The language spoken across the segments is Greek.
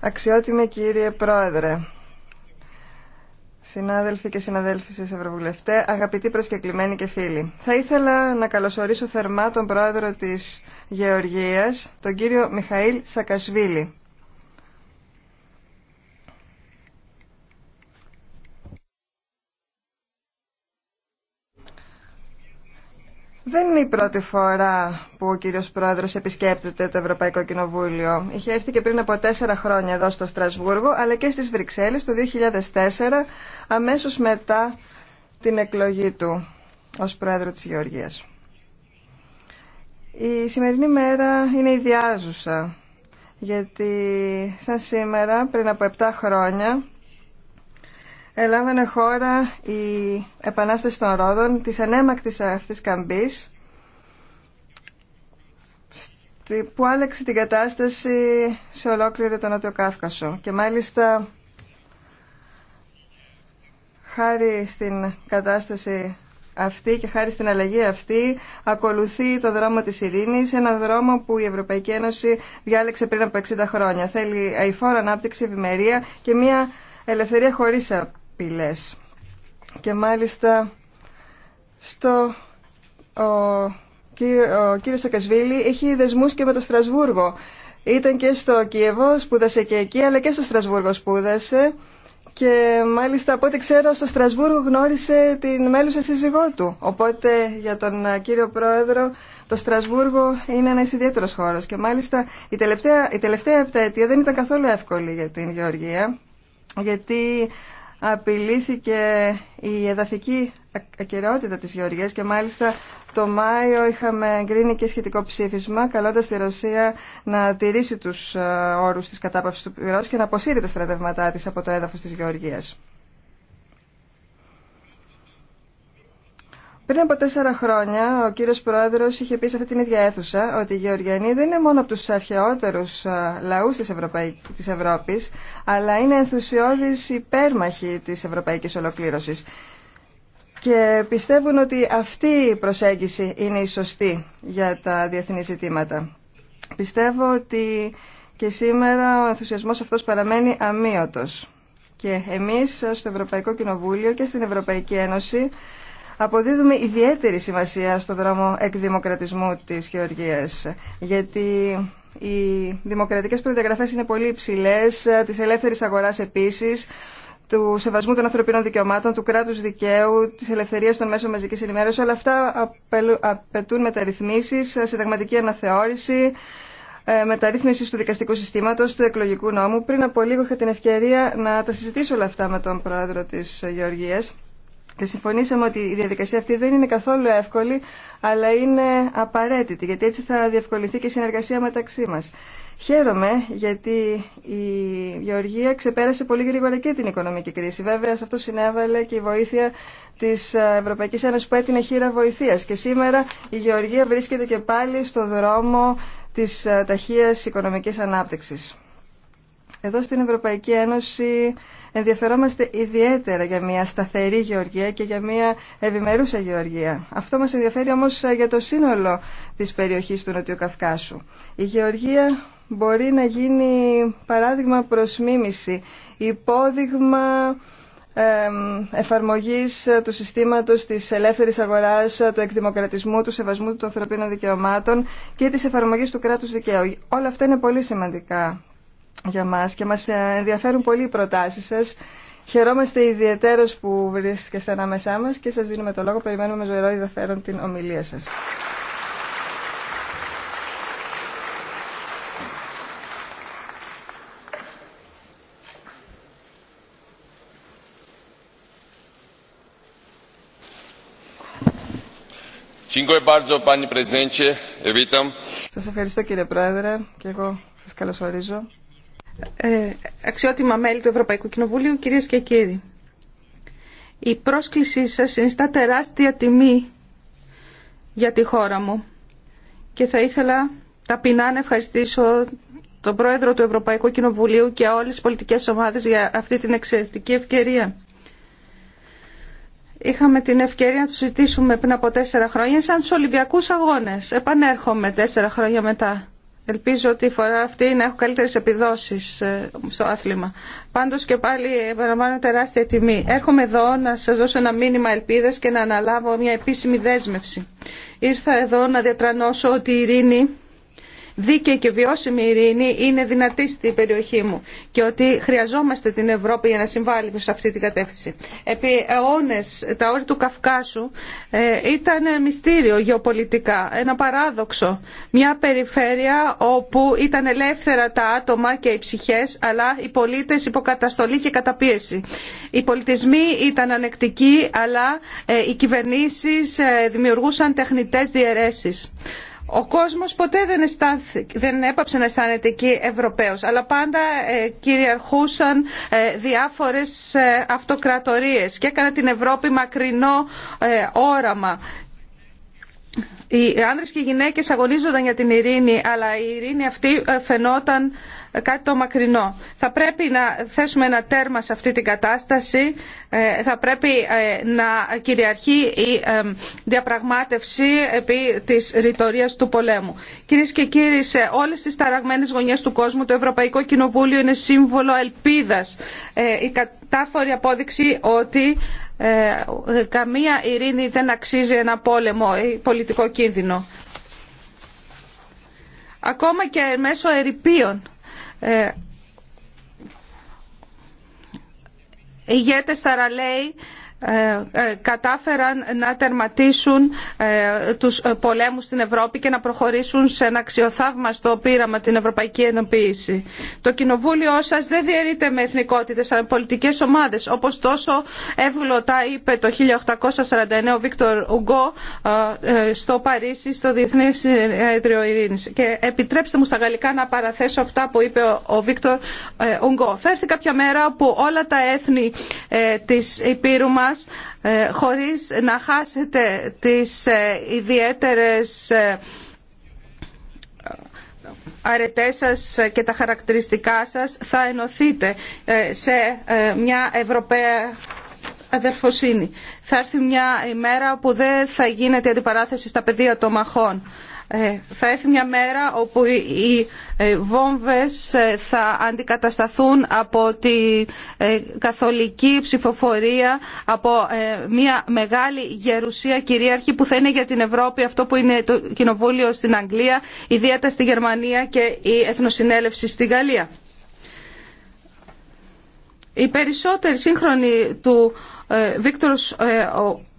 Αξιότιμε κύριε Πρόεδρε, συνάδελφοι και συναδέλφοι Ευρωβουλευτέ, αγαπητοί προσκεκλημένοι και φίλοι. Θα ήθελα να καλωσορίσω θερμά τον Πρόεδρο της Γεωργίας, τον κύριο Μιχαήλ Σακασβίλη. Δεν είναι η πρώτη φορά που ο κύριος Πρόεδρος επισκέπτεται το Ευρωπαϊκό Κοινοβούλιο. Είχε έρθει και πριν από τέσσερα χρόνια εδώ στο Στρασβούργο, αλλά και στις Βρυξέλλες το 2004, αμέσως μετά την εκλογή του ως Πρόεδρο της Γεωργίας. Η σημερινή μέρα είναι ιδιάζουσα, γιατί σαν σήμερα, πριν από 7 χρόνια, Ελάμβανε χώρα η Επανάσταση των Ρόδων της ανέμακτης αυτής καμπής που άλλαξε την κατάσταση σε ολόκληρο τον Νότιο Κάφκασο και μάλιστα χάρη στην κατάσταση αυτή και χάρη στην αλλαγή αυτή ακολουθεί το δρόμο της ειρήνης, ένα δρόμο που η Ευρωπαϊκή Ένωση διάλεξε πριν από 60 χρόνια. Θέλει αηφόρο ανάπτυξη, ευημερία και μια ελευθερία χωρίς και μάλιστα στο ο, κύριος Σακασβίλη έχει δεσμούς και με το Στρασβούργο. Ήταν και στο Κίεβο, σπούδασε και εκεί, αλλά και στο Στρασβούργο σπούδασε. Και μάλιστα από ό,τι ξέρω στο Στρασβούργο γνώρισε την μέλουσα σύζυγό του. Οπότε για τον ε, κύριο Πρόεδρο το Στρασβούργο είναι ένας ιδιαίτερος χώρος. Και μάλιστα η τελευταία, η τελευταία δεν ήταν καθόλου εύκολη για την Γεωργία. Γιατί απειλήθηκε η εδαφική ακυρεότητα της Γεωργίας και μάλιστα το Μάιο είχαμε εγκρίνει και σχετικό ψήφισμα καλώντας τη Ρωσία να τηρήσει τους ε, όρους της κατάπαυσης του πυρός και να αποσύρει τα στρατεύματά της από το έδαφος της Γεωργίας. Πριν από τέσσερα χρόνια ο κύριος Πρόεδρος είχε πει σε αυτή την ίδια αίθουσα ότι οι Γεωργιανοί δεν είναι μόνο από τους αρχαιότερους λαούς της, Ευρωπαϊ... της Ευρώπης αλλά είναι ενθουσιώδεις υπέρμαχοι της ευρωπαϊκής ολοκλήρωσης και πιστεύουν ότι αυτή η προσέγγιση είναι η σωστή για τα διεθνή ζητήματα. Πιστεύω ότι και σήμερα ο ενθουσιασμός αυτός παραμένει αμύωτος. Και εμείς στο Ευρωπαϊκό Κοινοβούλιο και στην Ευρωπαϊκή Ένωση Αποδίδουμε ιδιαίτερη σημασία στο δρόμο εκδημοκρατισμού της Γεωργίας, γιατί οι δημοκρατικές προδιαγραφές είναι πολύ υψηλές, της ελεύθερης αγοράς επίσης, του σεβασμού των ανθρωπίνων δικαιωμάτων, του κράτους δικαίου, της ελευθερίας των μέσων μαζικής ενημέρωσης. Όλα αυτά απαιτούν μεταρρυθμίσεις, συνταγματική αναθεώρηση, ε, μεταρρύθμιση του δικαστικού συστήματος, του εκλογικού νόμου. Πριν από λίγο είχα την ευκαιρία να τα συζητήσω όλα αυτά με τον πρόεδρο της Γεωργίας και συμφωνήσαμε ότι η διαδικασία αυτή δεν είναι καθόλου εύκολη, αλλά είναι απαραίτητη, γιατί έτσι θα διευκολυνθεί και η συνεργασία μεταξύ μας. Χαίρομαι γιατί η Γεωργία ξεπέρασε πολύ γρήγορα και την οικονομική κρίση. Βέβαια, σε αυτό συνέβαλε και η βοήθεια τη Ευρωπαϊκή Ένωση που έτεινε χείρα βοηθεία. Και σήμερα η Γεωργία βρίσκεται και πάλι στο δρόμο τη ε, ταχεία οικονομική ανάπτυξη. Εδώ στην Ευρωπαϊκή Ένωση ενδιαφερόμαστε ιδιαίτερα για μια σταθερή γεωργία και για μια ευημερούσα γεωργία. Αυτό μας ενδιαφέρει όμως για το σύνολο της περιοχής του Νοτιού Η γεωργία μπορεί να γίνει παράδειγμα προς μίμηση, υπόδειγμα εφαρμογής του συστήματος της ελεύθερης αγοράς, του εκδημοκρατισμού, του σεβασμού των ανθρωπίνων δικαιωμάτων και της εφαρμογής του κράτους δικαίου. Όλα αυτά είναι πολύ σημαντικά για μας και μας ε, ενδιαφέρουν πολύ οι προτάσεις σας. Χαιρόμαστε ιδιαίτερως που βρίσκεστε ανάμεσά μας και σας δίνουμε το λόγο. Περιμένουμε με ζωηρό ενδιαφέρον την ομιλία σας. Σας ευχαριστώ κύριε Πρόεδρε και εγώ σας καλωσορίζω. Ε, αξιότιμα μέλη του Ευρωπαϊκού Κοινοβουλίου, κυρίες και κύριοι. Η πρόσκλησή σας συνιστά τεράστια τιμή για τη χώρα μου και θα ήθελα ταπεινά να ευχαριστήσω τον Πρόεδρο του Ευρωπαϊκού Κοινοβουλίου και όλες τις πολιτικές ομάδες για αυτή την εξαιρετική ευκαιρία. Είχαμε την ευκαιρία να του συζητήσουμε πριν από τέσσερα χρόνια σαν τους Ολυμπιακούς Αγώνες. Επανέρχομαι τέσσερα χρόνια μετά. Ελπίζω ότι η φορά αυτή να έχω καλύτερες επιδόσεις ε, στο άθλημα. Πάντως και πάλι παραμβάνω τεράστια τιμή. Έρχομαι εδώ να σα δώσω ένα μήνυμα ελπίδα και να αναλάβω μια επίσημη δέσμευση. Ήρθα εδώ να διατρανώσω ότι η ειρήνη δίκαιη και βιώσιμη ειρήνη είναι δυνατή στην περιοχή μου και ότι χρειαζόμαστε την Ευρώπη για να συμβάλλει προς αυτή την κατεύθυνση. Επί αιώνες τα όρια του Καυκάσου ε, ήταν μυστήριο γεωπολιτικά, ένα παράδοξο. Μια περιφέρεια όπου ήταν ελεύθερα τα άτομα και οι ψυχές, αλλά οι πολίτες υποκαταστολή και καταπίεση. Οι πολιτισμοί ήταν ανεκτικοί, αλλά ε, οι κυβερνήσεις ε, δημιουργούσαν τεχνητές διαιρέσεις. Ο κόσμος ποτέ δεν, δεν έπαψε να αισθάνεται εκεί Ευρωπαίος, αλλά πάντα ε, κυριαρχούσαν ε, διάφορες ε, αυτοκρατορίες και έκανα την Ευρώπη μακρινό όραμα. Οι άνδρες και οι γυναίκες αγωνίζονταν για την ειρήνη, αλλά η ειρήνη αυτή φαινόταν κάτι το μακρινό. Θα πρέπει να θέσουμε ένα τέρμα σε αυτή την κατάσταση. Ε, θα πρέπει ε, να κυριαρχεί η ε, διαπραγμάτευση επί της ρητορίας του πολέμου. Κυρίες και κύριοι, σε όλες τις ταραγμένες γωνιές του κόσμου το Ευρωπαϊκό Κοινοβούλιο είναι σύμβολο ελπίδας. Η κατάφορη απόδειξη ότι καμία ειρήνη δεν αξίζει ένα πόλεμο ή πολιτικό κίνδυνο. Ακόμα και μέσω ερυπείων ε, ηγέτες Σαραλέη, ε, ε, κατάφεραν να τερματίσουν ε, τους πολέμους στην Ευρώπη και να προχωρήσουν σε ένα αξιοθαύμαστο πείραμα την Ευρωπαϊκή Ενοποίηση. Το κοινοβούλιο σας δεν διαιρείται με εθνικότητες αλλά με πολιτικές ομάδες όπως τόσο εύγλωτα είπε το 1849 ο Βίκτορ Ουγκό στο Παρίσι στο Διεθνή Συνέδριο Ειρήνης. Και επιτρέψτε μου στα γαλλικά να παραθέσω αυτά που είπε ο Βίκτορ Ουγκό. Φέρθηκα κάποια μέρα που όλα τα έθνη της Υπήρου ε, χωρίς να χάσετε τις ε, ιδιαίτερες ε, αρετές σας και τα χαρακτηριστικά σας θα ενωθείτε σε μια Ευρωπαία αδερφοσύνη. Θα έρθει μια ημέρα που δεν θα γίνεται αντιπαράθεση στα πεδία των μαχών. Ε, θα έρθει μια μέρα όπου οι ε, βόμβες ε, θα αντικατασταθούν από τη καθολική ψηφοφορία από μια μεγάλη γερουσία κυρίαρχη που θα είναι για την Ευρώπη αυτό που είναι το κοινοβούλιο στην Αγγλία ιδιαίτερα στη Γερμανία και η Εθνοσυνέλευση στην Γαλλία. Οι περισσότεροι σύγχρονοι του Βίκτορος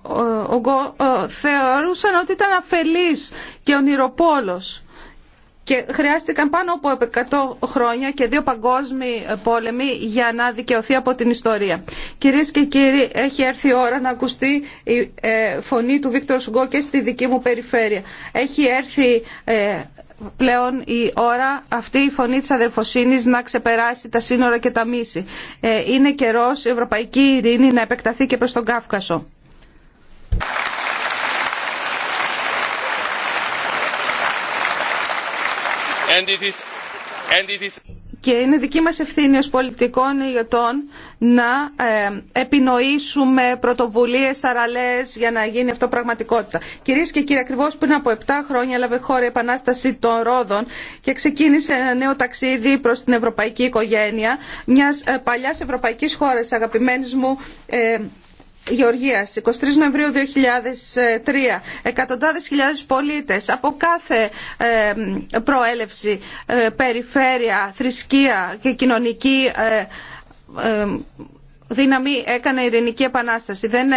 ο ο, θεωρούσαν ότι ήταν αφελής και ονειροπόλος και χρειάστηκαν πάνω από 100 χρόνια και δύο παγκόσμιοι πόλεμοι για να δικαιωθεί από την ιστορία. Κυρίες και κύριοι, έχει έρθει η ώρα να ακουστεί η ε, φωνή του Βίκτορ Σουγκό και στη δική μου περιφέρεια. Έχει έρθει ε, πλέον η ώρα αυτή η φωνή της αδελφοσύνης να ξεπεράσει τα σύνορα και τα μίση. Ε, είναι καιρός η ευρωπαϊκή ειρήνη να επεκταθεί και προς τον Κάφκασο. Και είναι δική μας ευθύνη ως πολιτικών ηγετών να ε, επινοήσουμε πρωτοβουλίες αραλές για να γίνει αυτό πραγματικότητα. Κυρίες και κύριοι, ακριβώς πριν από 7 χρόνια έλαβε χώρα η Επανάσταση των Ρόδων και ξεκίνησε ένα νέο ταξίδι προς την ευρωπαϊκή οικογένεια μιας ε, παλιάς ευρωπαϊκής χώρας, αγαπημένης μου ε, Γεωργία, 23 Νοεμβρίου 2003, εκατοντάδες χιλιάδες πολίτες από κάθε προέλευση, ε, περιφέρεια, θρησκεία και κοινωνική ε, δύναμη έκανε Ειρηνική Επανάσταση. Δεν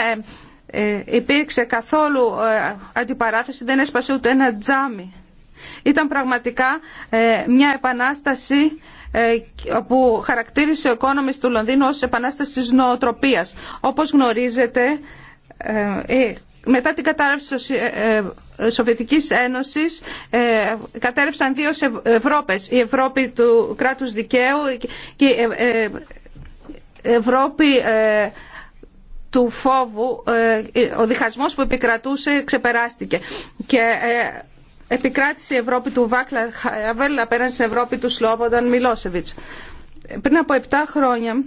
ε, υπήρξε καθόλου αντιπαράθεση, δεν έσπασε ούτε ένα τζάμι. Ήταν πραγματικά μια επανάσταση ε, που χαρακτήρισε ο οικόνομης του Λονδίνου ως επανάσταση της νοοτροπίας. Όπως γνωρίζετε, ε, ε, μετά την κατάρρευση της Σοβιετικής Ένωσης κατέρευσαν δύο Ευρώπες. Η Ευρώπη του κράτους δικαίου και η Ευρώπη του φόβου. Ο διχασμός που επικρατούσε ξεπεράστηκε επικράτησε η Ευρώπη του Βάκλαρ Χαβέλ απέναντι στην Ευρώπη του Σλόμπονταν Μιλόσεβιτς. Πριν από 7 χρόνια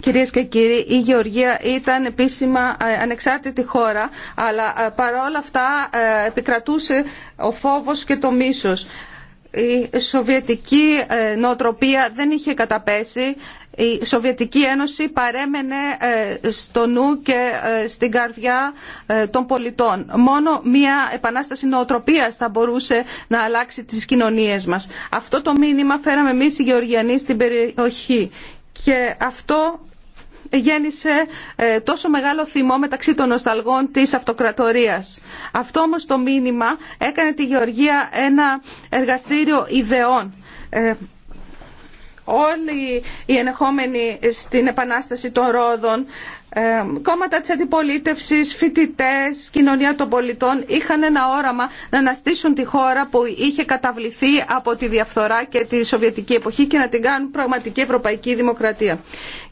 Κυρίες και κύριοι, η Γεωργία ήταν επίσημα ε, ανεξάρτητη χώρα, αλλά ε, παρόλα αυτά ε, επικρατούσε ο φόβος και το μίσος. Η σοβιετική νοοτροπία δεν είχε καταπέσει, η Σοβιετική Ένωση παρέμενε ε, στο νου και ε, στην καρδιά ε, των πολιτών. Μόνο μια επανάσταση νοοτροπίας θα μπορούσε να αλλάξει τις κοινωνίες μας. Αυτό το μήνυμα φέραμε εμείς οι Γεωργιανοί στην περιοχή και αυτό γέννησε τόσο μεγάλο θυμό μεταξύ των νοσταλγών της αυτοκρατορίας. Αυτό όμως το μήνυμα έκανε τη Γεωργία ένα εργαστήριο ιδεών όλοι οι ενεχόμενοι στην επανάσταση των Ρόδων, ε, κόμματα της αντιπολίτευσης, φοιτητέ, κοινωνία των πολιτών είχαν ένα όραμα να αναστήσουν τη χώρα που είχε καταβληθεί από τη διαφθορά και τη Σοβιετική εποχή και να την κάνουν πραγματική ευρωπαϊκή δημοκρατία.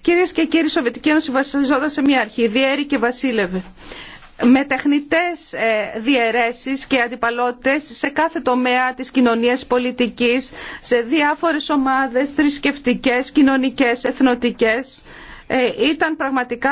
Κυρίες και κύριοι, η Σοβιετική Ένωση βασιζόταν σε μια αρχή, διέρη και βασίλευε με τεχνητές ε, διαιρέσεις και αντιπαλότητες σε κάθε τομέα της κοινωνίας πολιτικής, σε διάφορες ομάδες θρησκευτικές, κοινωνικές, εθνοτικές ε, ήταν πραγματικά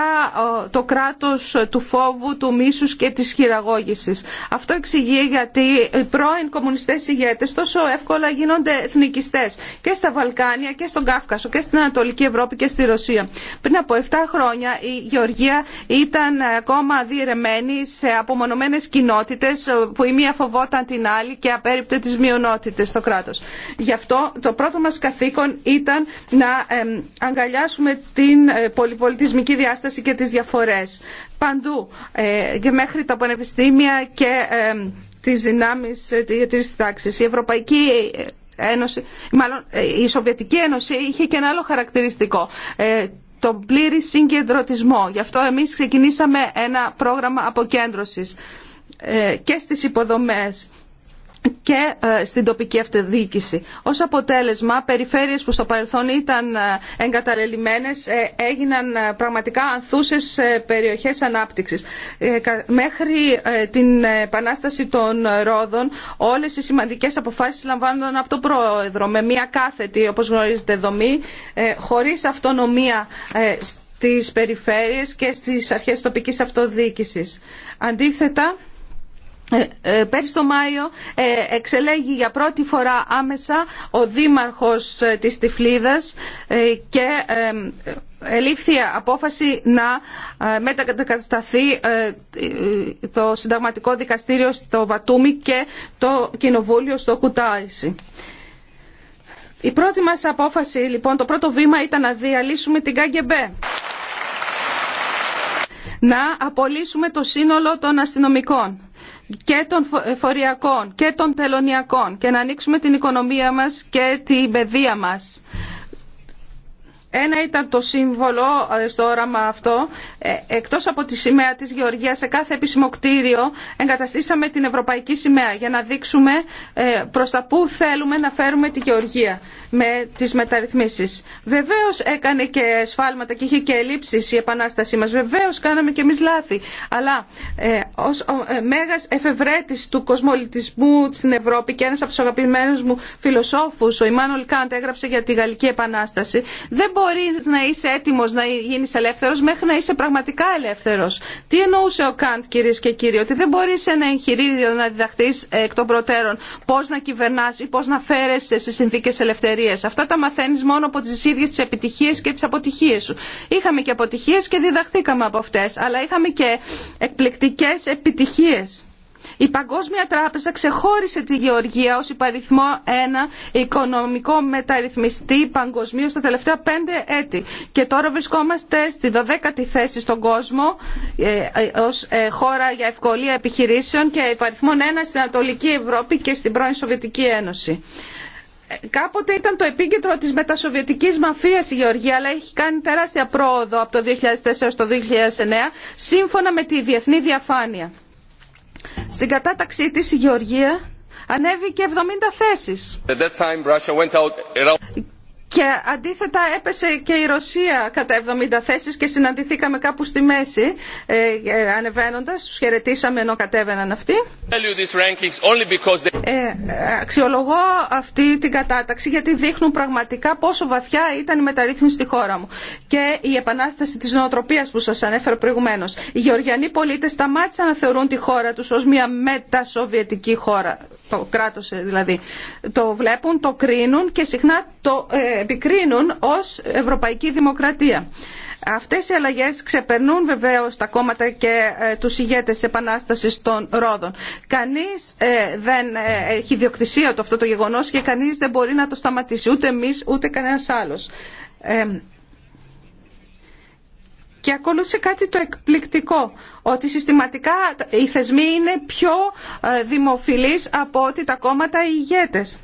το κράτος του φόβου, του μίσους και της χειραγώγησης. Αυτό εξηγεί γιατί οι πρώην κομμουνιστές ηγέτες τόσο εύκολα γίνονται εθνικιστές και στα Βαλκάνια και στον Κάφκασο και στην Ανατολική Ευρώπη και στη Ρωσία. Πριν από 7 χρόνια η Γεωργία ήταν ακόμα διαιρεμένη σε απομονωμένες κοινότητες ε, που η μία φοβόταν την άλλη και απέριπτε τις μειονότητες στο κράτος. Γι' αυτό το πρώτο μας καθήκον ήταν να αγκαλιάσουμε την ε, πολυπολιτισμική διάσταση και τις διαφορές. Παντού ε, και μέχρι τα πανεπιστήμια και ε, τις δυνάμεις ε, της τάξης. Η Ευρωπαϊκή Ένωση, η Σοβιετική Ένωση είχε και ένα άλλο χαρακτηριστικό τον πλήρη συγκεντρωτισμό. Γι' αυτό εμείς ξεκινήσαμε ένα πρόγραμμα αποκέντρωσης και στις υποδομές και ε, στην τοπική αυτοδιοίκηση. Ως αποτέλεσμα, περιφέρειες που στο παρελθόν ήταν ε, εγκαταλελειμμένες ε, έγιναν πραγματικά ανθούσες περιοχές ανάπτυξης. Μέχρι την επανάσταση των Ρόδων, όλες οι σημαντικές αποφάσεις λαμβάνονταν από τον Πρόεδρο με μια κάθετη, όπως γνωρίζετε, δομή, χωρίς αυτονομία στις περιφέρειες και στις αρχές τοπικής αυτοδιοίκησης. Αντίθετα, ε, ε, πέρσι το Μάιο ε, εξελέγει για πρώτη φορά άμεσα ο δήμαρχος της Τυφλίδας και ελήφθη απόφαση να μετακατασταθεί το συνταγματικό δικαστήριο στο Βατούμι και το κοινοβούλιο στο Κουτάισι. Η πρώτη μας απόφαση, λοιπόν, το πρώτο βήμα ήταν να διαλύσουμε την ΚΑΓΕΜΠΕ να απολύσουμε το σύνολο των αστυνομικών και των ε, φοριακών και των τελωνιακών και να ανοίξουμε την οικονομία μας και την παιδεία μας ένα ήταν το σύμβολο ε, στο όραμα αυτό. Ε, εκτός από τη σημαία της Γεωργίας, σε κάθε επίσημο κτίριο εγκαταστήσαμε την Ευρωπαϊκή Σημαία για να δείξουμε ε, προς τα πού θέλουμε να φέρουμε τη Γεωργία με τις μεταρρυθμίσεις. Βεβαίως έκανε και σφάλματα και είχε και ελλείψεις η επανάστασή μας. Βεβαίως κάναμε και εμείς λάθη. Αλλά ε, ως ο, μέγας εφευρέτης του κοσμολιτισμού στην Ευρώπη και ένας από τους αγαπημένους μου φιλοσόφους, ο Ιμάνολ Κάντ έγραψε για τη Γαλλική Επανάσταση, δεν μπορεί να είσαι έτοιμο, να γίνει ελεύθερο, μέχρι να είσαι πραγματικά ελεύθερο. Τι εννοούσε ο Καντ κύριε και κύριοι, ότι δεν μπορείς ένα εγχειρίδιο να διδαχθεί εκ των προτέρων πώ να κυβερνά ή πώ να φέρεσαι σε συνθήκε ελευθερίας. Αυτά τα μαθαίνει μόνο από τι ίδιε τι επιτυχίε και τι αποτυχίε. σου. Είχαμε και αποτυχίε και διδαχθήκαμε από αυτέ, αλλά είχαμε και εκπληκτικέ επιτυχίε. Η Παγκόσμια Τράπεζα ξεχώρισε τη Γεωργία ως υπαριθμό ένα οικονομικό μεταρρυθμιστή παγκοσμίω τα τελευταία πέντε έτη. Και τώρα βρισκόμαστε στη 12η θέση στον κόσμο ε, ε, ως ε, χώρα για ευκολία επιχειρήσεων και υπαριθμό ένα στην Ανατολική Ευρώπη και στην πρώην Σοβιετική Ένωση κάποτε ήταν το επίκεντρο της μετασοβιετικής μαφίας η Γεωργία, αλλά έχει κάνει τεράστια πρόοδο από το 2004 στο 2009, σύμφωνα με τη διεθνή διαφάνεια. Στην κατάταξή της η Γεωργία ανέβηκε 70 θέσεις. Και αντίθετα έπεσε και η Ρωσία κατά 70 θέσεις και συναντηθήκαμε κάπου στη μέση ε, ε, ανεβαίνοντας, τους χαιρετήσαμε ενώ κατέβαιναν αυτοί. Ε, αξιολογώ αυτή την κατάταξη γιατί δείχνουν πραγματικά πόσο βαθιά ήταν η μεταρρύθμιση στη χώρα μου και η επανάσταση της νοοτροπίας που σας ανέφερα προηγουμένως. Οι γεωργιανοί πολίτες σταμάτησαν να θεωρούν τη χώρα τους ως μια μετασοβιετική χώρα, το κράτος ε, δηλαδή. Το βλέπουν, το κρίνουν και συχνά το ε, επικρίνουν ως Ευρωπαϊκή Δημοκρατία. Αυτές οι αλλαγές ξεπερνούν βεβαίως τα κόμματα και ε, τους ηγέτες της Επανάστασης των Ρόδων. Κανείς ε, δεν ε, έχει διοκτησία αυτό το γεγονός και κανείς δεν μπορεί να το σταματήσει, ούτε εμείς ούτε κανένας άλλος. Και ακολούθησε κάτι το εκπληκτικό, ότι συστηματικά οι θεσμοί είναι πιο δημοφιλείς από ότι τα κόμματα οι ηγέτες.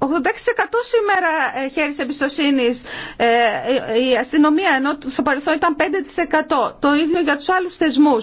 86% σήμερα ε, χέρι εμπιστοσύνη ε, η αστυνομία, ενώ στο παρελθόν ήταν 5%. Το ίδιο για του άλλου θεσμού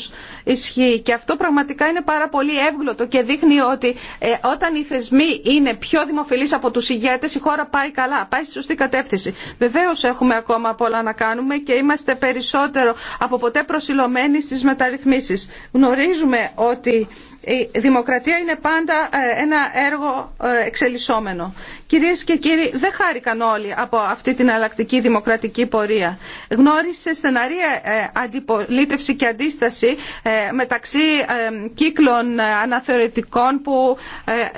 ισχύει. Και αυτό πραγματικά είναι πάρα πολύ εύγλωτο και δείχνει ότι ε, όταν οι θεσμοί είναι πιο δημοφιλεί από του ηγέτε, η χώρα πάει καλά, πάει στη σωστή κατεύθυνση. Βεβαίω έχουμε ακόμα πολλά να κάνουμε και είμαστε περισσότερο από ποτέ προσιλωμένοι στι μεταρρυθμίσει. Γνωρίζουμε ότι η δημοκρατία είναι πάντα ε, ένα έργο ε, εξελισσόμενο. Κυρίες και κύριοι, δεν χάρηκαν όλοι από αυτή την αλλακτική δημοκρατική πορεία. Γνώρισε στεναρία ε, αντιπολίτευση και αντίσταση μεταξύ κύκλων αναθεωρητικών που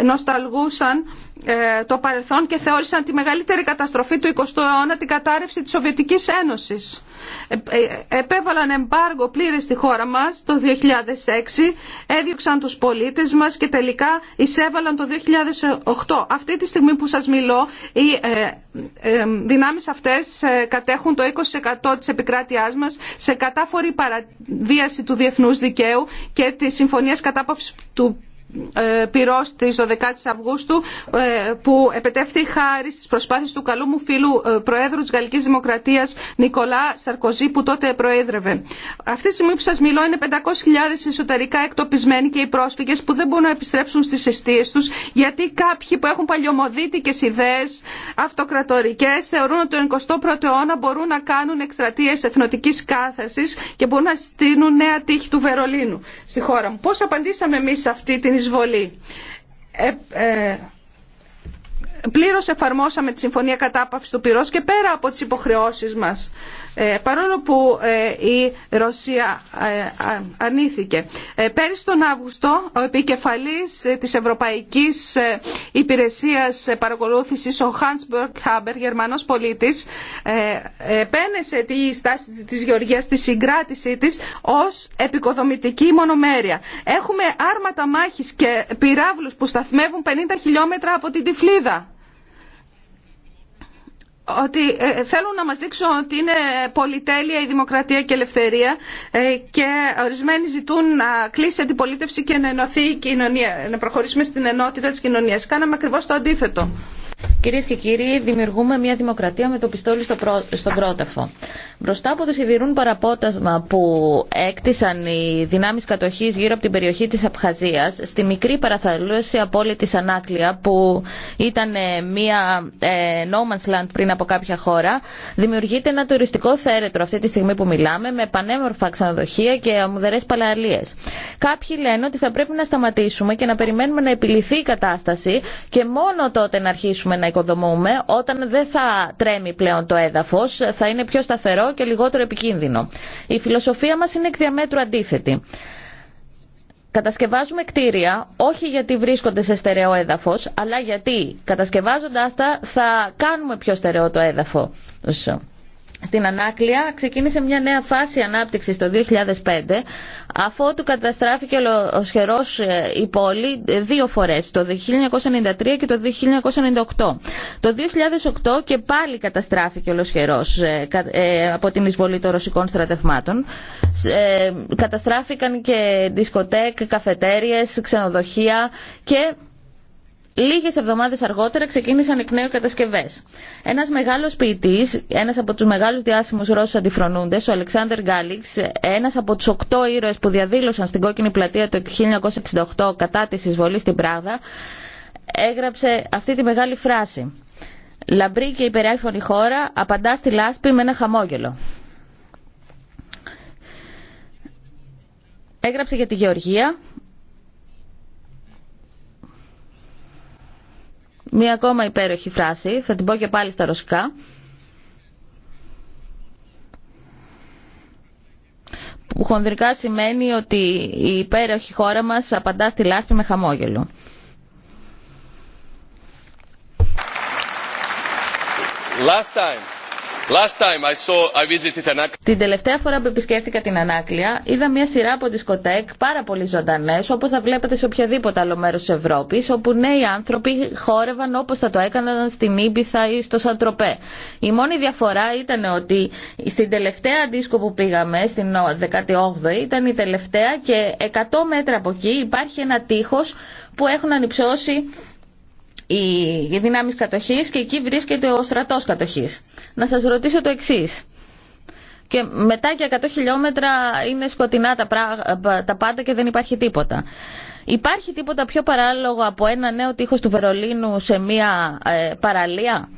νοσταλγούσαν ε, το παρελθόν και θεώρησαν τη μεγαλύτερη καταστροφή του 20ου αιώνα την κατάρρευση της Σοβιετικής Ένωσης. Ε, ε, επέβαλαν εμπάργο πλήρες στη χώρα μας το 2006, έδιωξαν τους πολίτες μας και τελικά εισέβαλαν το 2008. Αυτή τη στιγμή που σας μιλώ, οι δυνάμεις αυτές κατέχουν το 20% της επικράτειάς μας σε κατάφορη παραβίαση του διεθνούς δικαίου και της Συμφωνίας Κατάπαυσης του ε, πυρός της 12ης Αυγούστου ε, που επετεύθη χάρη στις προσπάθειες του καλού μου φίλου ε, Προέδρου της Γαλλικής Δημοκρατίας Νικολά Σαρκοζή που τότε προέδρευε. Αυτή τη στιγμή που σας μιλώ είναι 500.000 εσωτερικά εκτοπισμένοι και οι πρόσφυγες που δεν μπορούν να επιστρέψουν στις αιστείες τους γιατί κάποιοι που έχουν παλιωμοδίτικες ιδέες αυτοκρατορικές θεωρούν ότι τον 21ο αιώνα μπορούν να κάνουν εκστρατείες εθνοτική κάθεσης και μπορούν να στείλουν νέα τύχη του Βερολίνου στη χώρα μου. Πώς απαντήσαμε εμείς αυτή την εισβολή. Ε, ε, Πλήρω εφαρμόσαμε τη Συμφωνία Κατάπαυση του Πυρός και πέρα από τις υποχρεώσεις μας, ε, παρόλο που ε, η Ρωσία ε, ανήθηκε. Πέρυσι τον Αύγουστο, ο επικεφαλής της Ευρωπαϊκής Υπηρεσίας Παρακολούθησης, ο Hans Χάμπερ, γερμανός πολίτης, επένεσε τη στάση της Γεωργίας, τη συγκράτησή της, ως επικοδομητική μονομέρεια. Έχουμε άρματα μάχης και πυράβλους που σταθμεύουν 50 χιλιόμετρα από την Τυφλίδα ότι ε, θέλουν να μας δείξουν ότι είναι πολυτέλεια η δημοκρατία και η ελευθερία ε, και ορισμένοι ζητούν να κλείσει αντιπολίτευση και να ενωθεί η κοινωνία, να προχωρήσουμε στην ενότητα της κοινωνίας. Κάναμε ακριβώς το αντίθετο. Κυρίε και κύριοι, δημιουργούμε μια δημοκρατία με το πιστόλι στο πρό... στον πρόταφο. Μπροστά από το σιδηρούν παραπότασμα που έκτισαν οι δυνάμει κατοχή γύρω από την περιοχή τη Απχαζία, στη μικρή παραθαλούση απόλυτη Ανάκλεια, που ήταν ε, μια ε, no man's land πριν από κάποια χώρα, δημιουργείται ένα τουριστικό θέρετρο αυτή τη στιγμή που μιλάμε, με πανέμορφα ξενοδοχεία και αμμουδερέ παλααλίε. Κάποιοι λένε ότι θα πρέπει να σταματήσουμε και να περιμένουμε να επιληθεί η κατάσταση και μόνο τότε να αρχίσουμε με να οικοδομούμε όταν δεν θα τρέμει πλέον το έδαφο, θα είναι πιο σταθερό και λιγότερο επικίνδυνο. Η φιλοσοφία μα είναι εκ διαμέτρου αντίθετη. Κατασκευάζουμε κτίρια όχι γιατί βρίσκονται σε στερεό έδαφο, αλλά γιατί κατασκευάζοντα τα θα κάνουμε πιο στερεό το έδαφο. Στην Ανάκλεια ξεκίνησε μια νέα φάση ανάπτυξη το 2005, αφότου καταστράφηκε ολοσχερός ε, η πόλη ε, δύο φορές, το 1993 και το 1998. Το 2008 και πάλι καταστράφηκε ολοσχερός ε, από την εισβολή των ρωσικών στρατευμάτων. Καταστράφηκαν και δισκοτέκ, καφετέριες, ξενοδοχεία και Λίγες εβδομάδες αργότερα ξεκίνησαν εκ νέου κατασκευέ. Ένας μεγάλος ποιητή, ένας από τους μεγάλους διάσημους Ρώσους αντιφρονούντες, ο Αλεξάνδρ Γκάλιξ, ένας από τους οκτώ ήρωες που διαδήλωσαν στην Κόκκινη Πλατεία το 1968 κατά της εισβολής στην Πράγα, έγραψε αυτή τη μεγάλη φράση. Λαμπρή και υπεράφωνη χώρα απαντά στη λάσπη με ένα χαμόγελο. Έγραψε για τη Γεωργία Μία ακόμα υπέροχη φράση, θα την πω και πάλι στα ρωσικά. Που χονδρικά σημαίνει ότι η υπέροχη χώρα μας απαντά στη λάσπη με χαμόγελο. Last time. Την τελευταία φορά που επισκέφθηκα την Ανάκλεια, είδα μια σειρά από δισκοτέκ πάρα πολύ ζωντανέ, όπω θα βλέπετε σε οποιαδήποτε άλλο μέρο τη Ευρώπη, όπου νέοι άνθρωποι χόρευαν όπω θα το έκαναν στην Ήμπιθα ή στο Σαντροπέ. Η μόνη διαφορά ήταν ότι στην τελευταία δίσκο που πήγαμε, στην 18η, ήταν η τελευταία και 100 μέτρα από εκεί υπάρχει ένα τείχο που έχουν ανυψώσει οι δυνάμεις κατοχής και εκεί βρίσκεται ο στρατός κατοχής. Να σας ρωτήσω το εξής. Και μετά και 100 χιλιόμετρα είναι σκοτεινά τα, τα πάντα και δεν υπάρχει τίποτα. Υπάρχει τίποτα πιο παράλογο από ένα νέο τείχος του Βερολίνου σε μια ε, παραλία.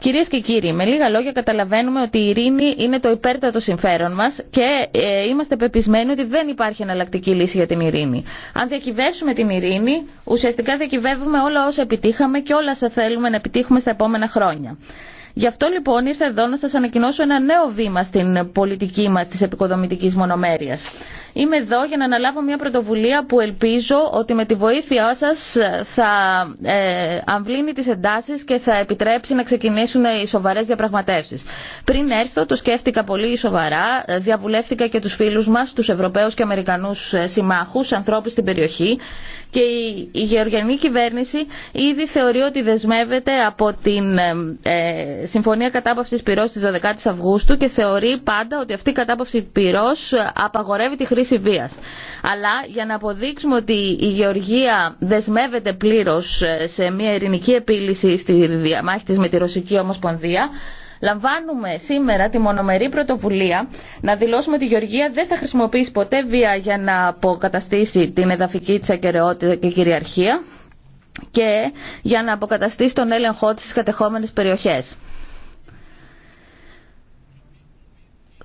Κυρίε και κύριοι, με λίγα λόγια καταλαβαίνουμε ότι η ειρήνη είναι το υπέρτατο συμφέρον μα και ε, είμαστε πεπισμένοι ότι δεν υπάρχει εναλλακτική λύση για την ειρήνη. Αν διακυβεύσουμε την ειρήνη, ουσιαστικά διακυβεύουμε όλα όσα επιτύχαμε και όλα όσα θέλουμε να επιτύχουμε στα επόμενα χρόνια. Γι' αυτό λοιπόν ήρθα εδώ να σας ανακοινώσω ένα νέο βήμα στην πολιτική μας της επικοδομητικής μονομέρειας. Είμαι εδώ για να αναλάβω μια πρωτοβουλία που ελπίζω ότι με τη βοήθειά σας θα ε, αμβλύνει τις εντάσεις και θα επιτρέψει να ξεκινήσουν οι σοβαρές διαπραγματεύσεις. Πριν έρθω το σκέφτηκα πολύ σοβαρά, διαβουλεύτηκα και τους φίλους μας, τους Ευρωπαίους και Αμερικανούς ε, συμμάχους, ανθρώπους στην περιοχή και η γεωργιανή κυβέρνηση ήδη θεωρεί ότι δεσμεύεται από την ε, Συμφωνία Κατάπαυσης Πυρός της 12 Αυγούστου και θεωρεί πάντα ότι αυτή η κατάπαυση πυρός απαγορεύει τη χρήση βίας. Αλλά για να αποδείξουμε ότι η Γεωργία δεσμεύεται πλήρως ε, σε μια ειρηνική επίλυση στη διαμάχη της με τη Ρωσική Ομοσπονδία, Λαμβάνουμε σήμερα τη μονομερή πρωτοβουλία να δηλώσουμε ότι η Γεωργία δεν θα χρησιμοποιήσει ποτέ βία για να αποκαταστήσει την εδαφική της ακαιρεότητα και κυριαρχία και για να αποκαταστήσει τον έλεγχό της στις κατεχόμενες περιοχές.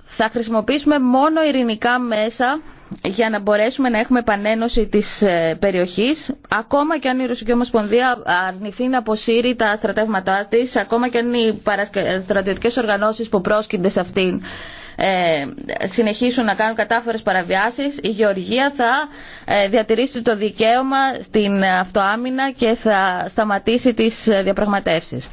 Θα χρησιμοποιήσουμε μόνο ειρηνικά μέσα για να μπορέσουμε να έχουμε επανένωση της ε, περιοχής ακόμα και αν η Ρωσική Ομοσπονδία αρνηθεί να αποσύρει τα στρατεύματά τη, ακόμα και αν οι στρατιωτικές οργανώσεις που πρόσκυνται σε αυτήν ε, συνεχίσουν να κάνουν κατάφορες παραβιάσεις η Γεωργία θα ε, διατηρήσει το δικαίωμα στην αυτοάμυνα και θα σταματήσει τις διαπραγματεύσεις.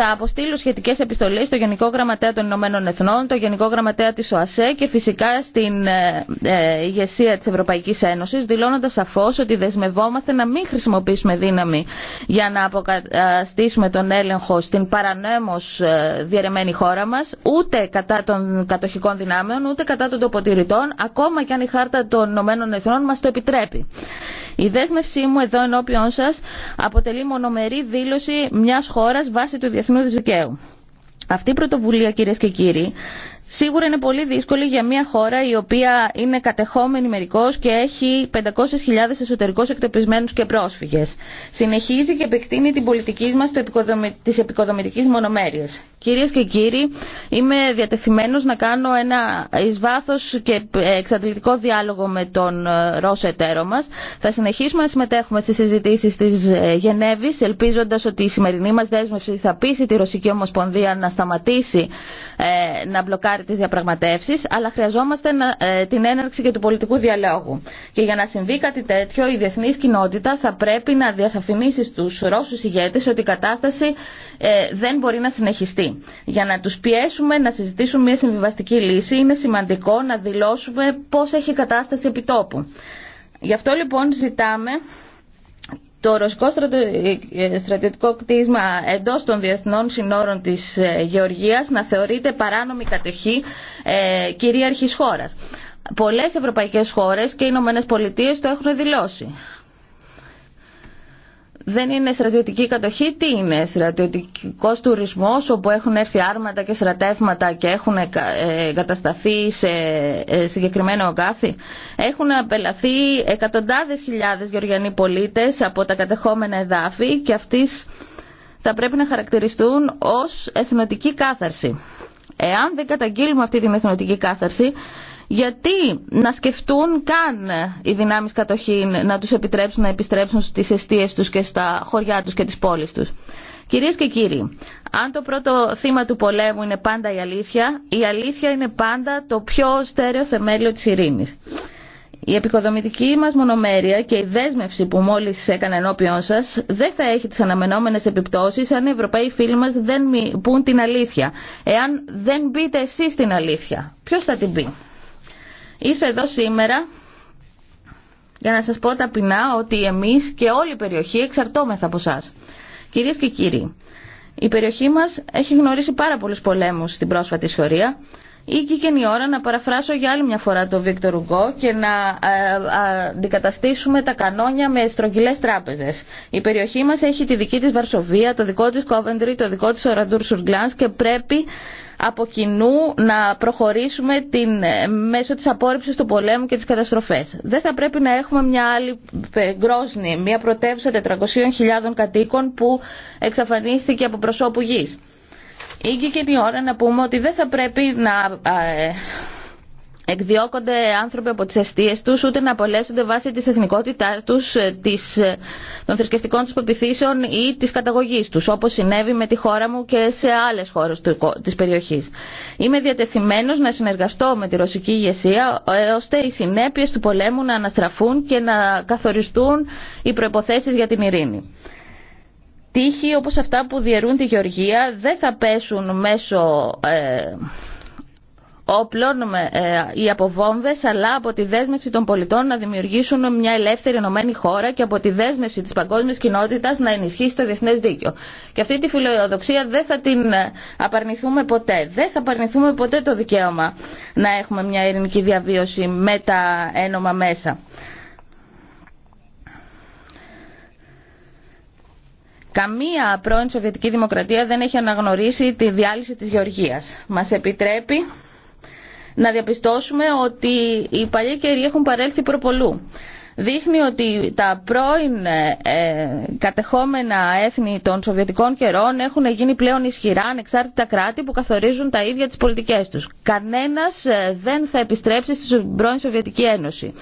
Θα αποστείλω σχετικέ επιστολέ στο Γενικό Γραμματέα των Ηνωμένων Εθνών, το Γενικό Γραμματέα τη ΟΑΣΕ και φυσικά στην ε, ε ηγεσία τη Ευρωπαϊκή Ένωση, δηλώνοντα σαφώ ότι δεσμευόμαστε να μην χρησιμοποιήσουμε δύναμη για να αποκαταστήσουμε τον έλεγχο στην παρανέμω ε, διαιρεμένη χώρα μα, ούτε κατά των κατοχικών δυνάμεων, ούτε κατά των τοποτηρητών, ακόμα και αν η χάρτα των Ηνωμένων Εθνών μα το επιτρέπει. Η δέσμευσή μου εδώ ενώπιον σα αποτελεί μονομερή δήλωση μια χώρας βάσει του διεθνού δικαίου. Αυτή η πρωτοβουλία κυρίες και κύριοι Σίγουρα είναι πολύ δύσκολη για μια χώρα η οποία είναι κατεχόμενη μερικώ και έχει 500.000 εσωτερικώ εκτοπισμένου και πρόσφυγε. Συνεχίζει και επεκτείνει την πολιτική μα τη επικοδομητική μονομέρεια. Κυρίε και κύριοι, είμαι διατεθειμένο να κάνω ένα ει βάθο και εξαντλητικό διάλογο με τον ε, Ρώσο εταίρο μα. Θα συνεχίσουμε να συμμετέχουμε στι συζητήσει τη ε, Γενέβη, ελπίζοντα ότι η σημερινή μα δέσμευση θα πείσει τη Ρωσική Ομοσπονδία να σταματήσει ε, να μπλοκάρει χάρη τις διαπραγματεύσεις, αλλά χρειαζόμαστε ε, την έναρξη και του πολιτικού διαλόγου. Και για να συμβεί κάτι τέτοιο, η διεθνής κοινότητα θα πρέπει να διασαφηνίσει στους Ρώσους ηγέτες ότι η κατάσταση ε, δεν μπορεί να συνεχιστεί. Για να τους πιέσουμε να συζητήσουν μια συμβιβαστική λύση, είναι σημαντικό να δηλώσουμε πώς έχει η κατάσταση επιτόπου. Γι' αυτό λοιπόν ζητάμε το ρωσικό ε, ε, στρατιωτικό κτίσμα εντός των διεθνών συνόρων της ε, Γεωργίας να θεωρείται παράνομη κατοχή ε, κυρίαρχης χώρας. Πολλές ευρωπαϊκές χώρες και οι Ηνωμένε Πολιτείες το έχουν δηλώσει δεν είναι στρατιωτική κατοχή, τι είναι στρατιωτικό τουρισμό όπου έχουν έρθει άρματα και στρατεύματα και έχουν ε, κατασταθεί σε ε, συγκεκριμένο ογκάθι. Έχουν απελαθεί εκατοντάδες χιλιάδες γεωργιανοί πολίτες από τα κατεχόμενα εδάφη και αυτοί θα πρέπει να χαρακτηριστούν ως εθνοτική κάθαρση. Εάν δεν καταγγείλουμε αυτή την εθνοτική κάθαρση, γιατί να σκεφτούν καν οι δυνάμεις κατοχή να τους επιτρέψουν να επιστρέψουν στις αιστείες τους και στα χωριά τους και τις πόλεις τους. Κυρίες και κύριοι, αν το πρώτο θύμα του πολέμου είναι πάντα η αλήθεια, η αλήθεια είναι πάντα το πιο στέρεο θεμέλιο της ειρήνης. Η επικοδομητική μας μονομέρεια και η δέσμευση που μόλις έκανα ενώπιον σας δεν θα έχει τις αναμενόμενες επιπτώσεις αν οι Ευρωπαίοι φίλοι μας δεν πούν την αλήθεια. Εάν δεν μπείτε εσεί την αλήθεια, Ποιο θα την πει. Ήρθα εδώ σήμερα για να σας πω ταπεινά ότι εμείς και όλη η περιοχή εξαρτώμεθα από εσά. Κυρίες και κύριοι, η περιοχή μας έχει γνωρίσει πάρα πολλούς πολέμους στην πρόσφατη ιστορία. Ήγηκε η ώρα να παραφράσω για άλλη μια φορά τον Βίκτορ Ουγκό και να ε, αντικαταστήσουμε τα κανόνια με στρογγυλές τράπεζες. Η περιοχή μα έχει τη δική τη Βαρσοβία, το δικό τη Κόβεντρι, το δικό τη Οραντούρ Σουργκλάν και πρέπει από κοινού να προχωρήσουμε την, ε, μέσω της απόρριψης του πολέμου και της καταστροφές. Δεν θα πρέπει να έχουμε μια άλλη ε, γκρόσνη, μια πρωτεύουσα 400.000 κατοίκων που εξαφανίστηκε από προσώπου γης. Ήγηκε η ώρα να πούμε ότι δεν θα πρέπει να ε, εκδιώκονται άνθρωποι από τις αιστείες τους, ούτε να απολέσονται βάσει της εθνικότητάς τους, ε, ε, των θρησκευτικών τους πεπιθήσεων ή της καταγωγής τους, όπως συνέβη με τη χώρα μου και σε άλλες χώρες της περιοχής. Είμαι διατεθειμένος να συνεργαστώ με τη ρωσική ηγεσία, ε, ώστε οι συνέπειε του πολέμου να αναστραφούν και να καθοριστούν οι προποθέσει για την ειρήνη. Τύχη όπως αυτά που διαιρούν τη Γεωργία δεν θα πέσουν μέσω όπλων ή από αλλά από τη δέσμευση των πολιτών να δημιουργήσουν μια ελεύθερη ενωμένη χώρα και από τη δέσμευση τη παγκόσμια κοινότητα να ενισχύσει το διεθνές δίκαιο. Και αυτή τη φιλοδοξία δεν θα την ε, απαρνηθούμε ποτέ. Δεν θα απαρνηθούμε ποτέ το δικαίωμα να έχουμε μια ειρηνική διαβίωση με τα ένομα μέσα. Καμία πρώην Σοβιετική Δημοκρατία δεν έχει αναγνωρίσει τη διάλυση της Γεωργίας. Μας επιτρέπει να διαπιστώσουμε ότι οι παλιοί καιροί έχουν παρέλθει προπολού. Δείχνει ότι τα πρώην ε, κατεχόμενα έθνη των Σοβιετικών καιρών έχουν γίνει πλέον ισχυρά ανεξάρτητα κράτη που καθορίζουν τα ίδια τις πολιτικές τους. Κανένας ε, δεν θα επιστρέψει στην πρώην Σοβιετική Ένωση.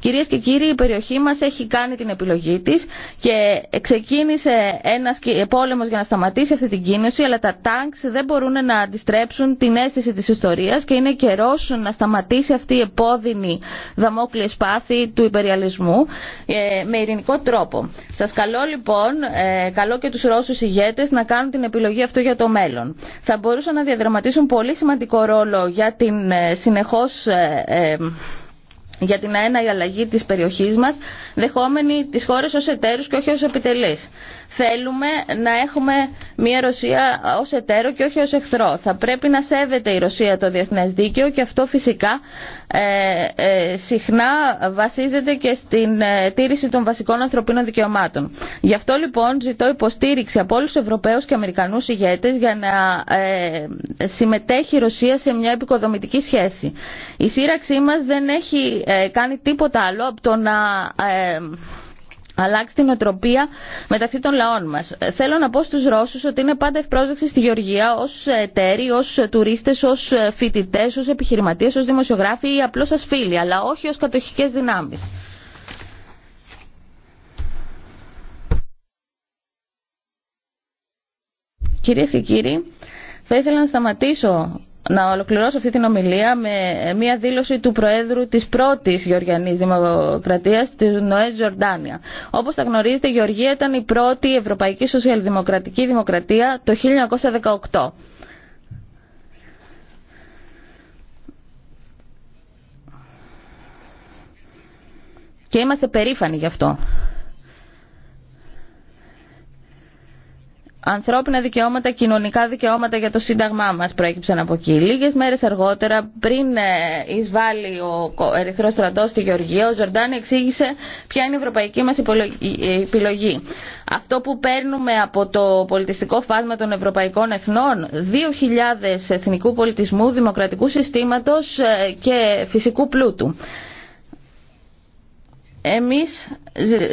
Κυρίες και κύριοι, η περιοχή μας έχει κάνει την επιλογή της και ξεκίνησε ένας πόλεμος για να σταματήσει αυτή την κίνηση, αλλά τα τάγκς δεν μπορούν να αντιστρέψουν την αίσθηση της ιστορίας και είναι καιρό να σταματήσει αυτή η επώδυνη δαμόκλειες πάθη του υπεριαλισμού ε, με ειρηνικό τρόπο. Σας καλώ λοιπόν, ε, καλώ και τους Ρώσους ηγέτες να κάνουν την επιλογή αυτό για το μέλλον. Θα μπορούσαν να διαδραματίσουν πολύ σημαντικό ρόλο για την ε, συνεχώς για την αέναη αλλαγή της περιοχής μας, δεχόμενη τις χώρες ως εταίρους και όχι ως επιτελείς. Θέλουμε να έχουμε μια Ρωσία ως εταίρο και όχι ως εχθρό. Θα πρέπει να σέβεται η Ρωσία το διεθνές δίκαιο και αυτό φυσικά ε, ε, συχνά βασίζεται και στην ε, τήρηση των βασικών ανθρωπίνων δικαιωμάτων. Γι' αυτό λοιπόν ζητώ υποστήριξη από όλους τους Ευρωπαίους και Αμερικανούς ηγέτες για να συμμετέχει η Ρωσία σε μια επικοδομητική σχέση. Η σύραξή μας δεν έχει κάνει τίποτα άλλο από το να αλλάξει την οτροπία μεταξύ των λαών μας. Θέλω να πω στους ρώσου ότι είναι πάντα ευπρόσδεκτοι στη Γεωργία ως εταίροι, ως τουρίστες, ως φοιτητές, ως επιχειρηματίες, ως δημοσιογράφοι ή απλώς ως φίλοι, αλλά όχι ως κατοχικέ δυνάμεις. Κυρίες και κύριοι, θα ήθελα να σταματήσω να ολοκληρώσω αυτή την ομιλία με μια δήλωση του Προέδρου της πρώτης Γεωργιανής Δημοκρατίας, της Νοέ Τζορντάνια. Όπως θα γνωρίζετε, η Γεωργία ήταν η πρώτη Ευρωπαϊκή Σοσιαλδημοκρατική Δημοκρατία το 1918. Και είμαστε περήφανοι γι' αυτό. Ανθρώπινα δικαιώματα, κοινωνικά δικαιώματα για το Σύνταγμά μα προέκυψαν από εκεί. Λίγε μέρε αργότερα, πριν ε, εισβάλλει ο Ερυθρός στρατό στη Γεωργία, ο Ζορντάνη εξήγησε ποια είναι η ευρωπαϊκή μα ε, επιλογή. Αυτό που παίρνουμε από το πολιτιστικό φάσμα των ευρωπαϊκών εθνών, 2.000 εθνικού πολιτισμού, δημοκρατικού συστήματο ε, και φυσικού πλούτου. Εμείς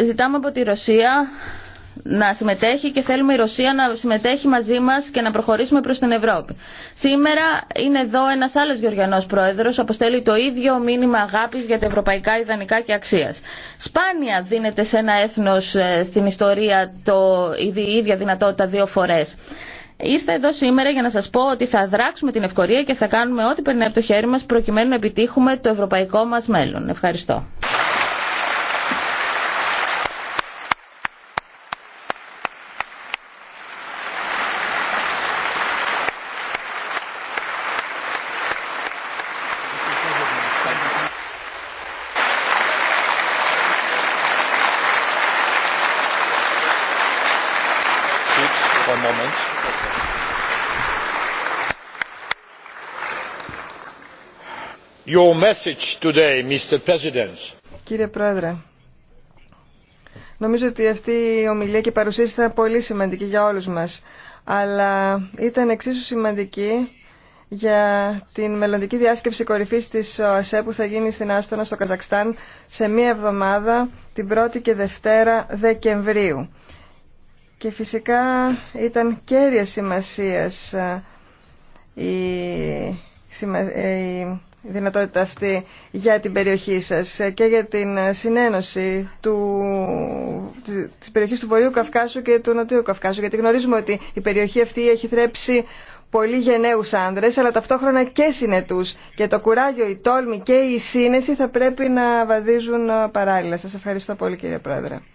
ζητάμε από τη Ρωσία να συμμετέχει και θέλουμε η Ρωσία να συμμετέχει μαζί μα και να προχωρήσουμε προ την Ευρώπη. Σήμερα είναι εδώ ένας άλλος Γεωργιανός Πρόεδρος, αποστέλει το ίδιο μήνυμα αγάπη για τα ευρωπαϊκά ιδανικά και Αξία. Σπάνια δίνεται σε ένα έθνο ε, στην ιστορία το, η ίδια δυνατότητα δύο φορέ. Ήρθα εδώ σήμερα για να σα πω ότι θα δράξουμε την ευκορία και θα κάνουμε ό,τι περνάει από το χέρι μα προκειμένου να επιτύχουμε το ευρωπαϊκό μα μέλλον. Ευχαριστώ. Κύριε Πρόεδρε, νομίζω ότι αυτή η ομιλία και η παρουσίαση ήταν πολύ σημαντική για όλους μας, αλλά ήταν εξίσου σημαντική για την μελλοντική διάσκεψη κορυφής της ΟΑΣΕ που θα γίνει στην Άστονα στο Καζακστάν σε μία εβδομάδα, την 1η και Δευτέρα Δεκεμβρίου. Και φυσικά ήταν κέρια σημασίας ε, η, ε, η δυνατότητα αυτή για την περιοχή σας και για την συνένωση του, της περιοχής του Βορείου Καυκάσου και του Νοτιού Καυκάσου γιατί γνωρίζουμε ότι η περιοχή αυτή έχει θρέψει πολύ γενναίους άνδρες αλλά ταυτόχρονα και συνετούς και το κουράγιο, η τόλμη και η σύνεση θα πρέπει να βαδίζουν παράλληλα. Σας ευχαριστώ πολύ κύριε Πρόεδρε.